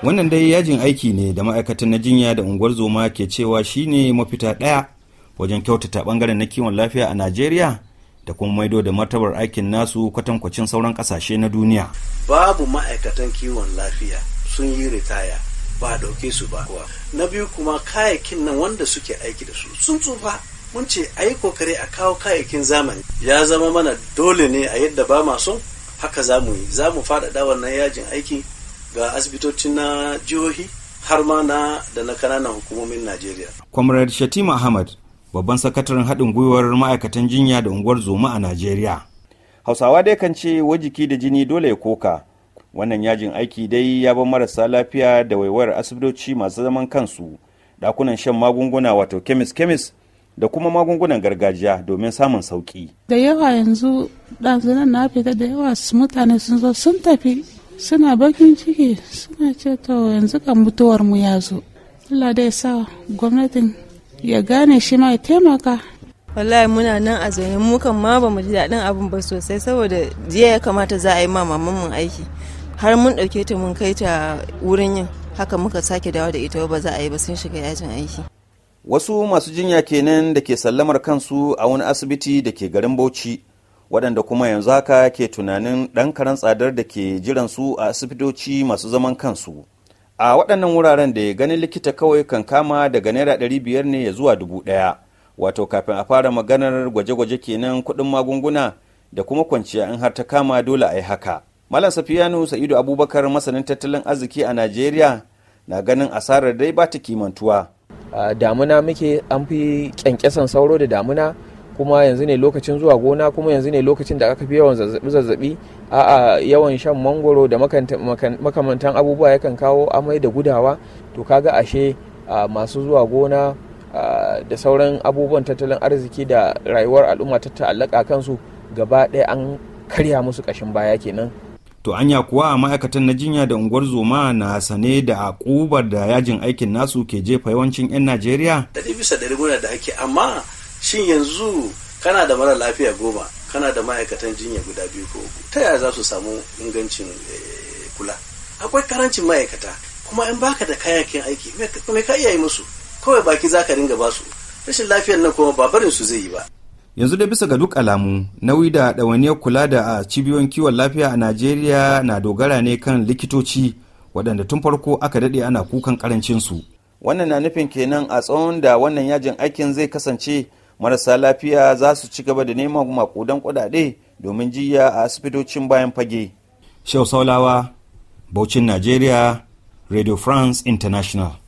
Wannan dai yajin aiki ne da ma'aikatan na jinya da unguwar zoma ke cewa shi ne mafita ɗaya wajen kyautata ɓangaren na kiwon lafiya a Najeriya da kuma maido da martabar aikin nasu kwatankwacin sauran ƙasashe na duniya. Babu ma'aikatan kiwon lafiya sun yi ritaya. ba a ɗauke su ba na biyu kuma kayayyakin nan wanda suke aiki da su sun tsufa mun ce a yi kokari a kawo kayayyakin zamani ya zama mana dole ne a yadda ba ma so haka za mu yi za mu faɗaɗa wannan yajin aiki ga asibitoci na jihohi har ma na da na kananan hukumomin najeriya comrade shatima ahmad babban sakataren haɗin gwiwar ma'aikatan jinya da unguwar zoma a najeriya hausawa dai kan ce wajiki da jini dole ya koka wannan yajin aiki dai ya bar marasa lafiya da waiwayar asibitoci masu zaman kansu dakunan shan magunguna wato kemis kemis da kuma magungunan gargajiya domin samun sauki da yawa yanzu ɗazunan na fita da yawa mutane sun zo sun tafi suna bakin ciki suna ce to yanzu kan mutuwar mu ya zo Allah dai sa gwamnatin ya gane shi ma ya taimaka wallahi muna nan a zaune mu kan ma bamu ji daɗin abin ba sosai saboda jiya ya kamata za a yi ma mamanmu aiki har mun ɗauke ta mun kai ta wurin yin haka muka sake dawo da ita ba za a yi ba sun shiga yajin aiki wasu masu jinya kenan da ke sallamar kansu a wani asibiti da ke garin bauchi waɗanda kuma yanzu haka ke tunanin ɗan karen tsadar da ke jiran su a asibitoci masu zaman kansu a waɗannan wuraren da ganin likita kawai kan kama daga naira ɗari biyar ne ya zuwa dubu ɗaya wato kafin a fara maganar gwaje-gwaje kenan kuɗin magunguna da kuma kwanciya in har ta kama dole a yi haka Malam Safiyanu Sa'idu Abubakar masanin tattalin arziki a Najeriya na ganin asarar dai ba ta kimantuwa. damuna muke an fi kyankyasan sauro da damuna kuma yanzu ne lokacin zuwa gona kuma yanzu ne lokacin da aka fi yawan zazzabi a'a yawan shan mangoro da makamantan abubuwa yakan kawo amai da gudawa to kaga ashe masu zuwa gona da sauran abubuwan tattalin arziki da rayuwar al'umma ta ta'allaka kansu gaba ɗaya an karya musu ƙashin baya kenan to anya kuwa ma'aikatan na jinya da unguwar zoma na sane da ƙubar da yajin aikin nasu ke jefa yawancin 'yan najeriya ɗari bisa ɗari muna da ake amma shin yanzu kana da mara lafiya goma kana da ma'aikatan jinya guda biyu ko uku ta yaya za su samu ingancin eh, kula akwai karancin ma'aikata kuma in baka da kayakin aiki me ka iya yi musu kawai baki za ka ringa basu rashin lafiyar nan kuma ba barin su zai yi ba yanzu dai bisa ga duk alamu nauyi da ɗawainiyar kula da a cibiyoyin kiwon lafiya a najeriya na dogara ne kan likitoci waɗanda tun farko aka daɗe ana kukan ƙarancinsu wannan na nufin kenan a tsawon da wannan yajin aikin zai kasance marasa lafiya za su ci gaba da neman makudan kuɗaɗe domin jiya a asibitocin bayan fage. Shau Saulawa, Baucin Najeriya, Radio France International.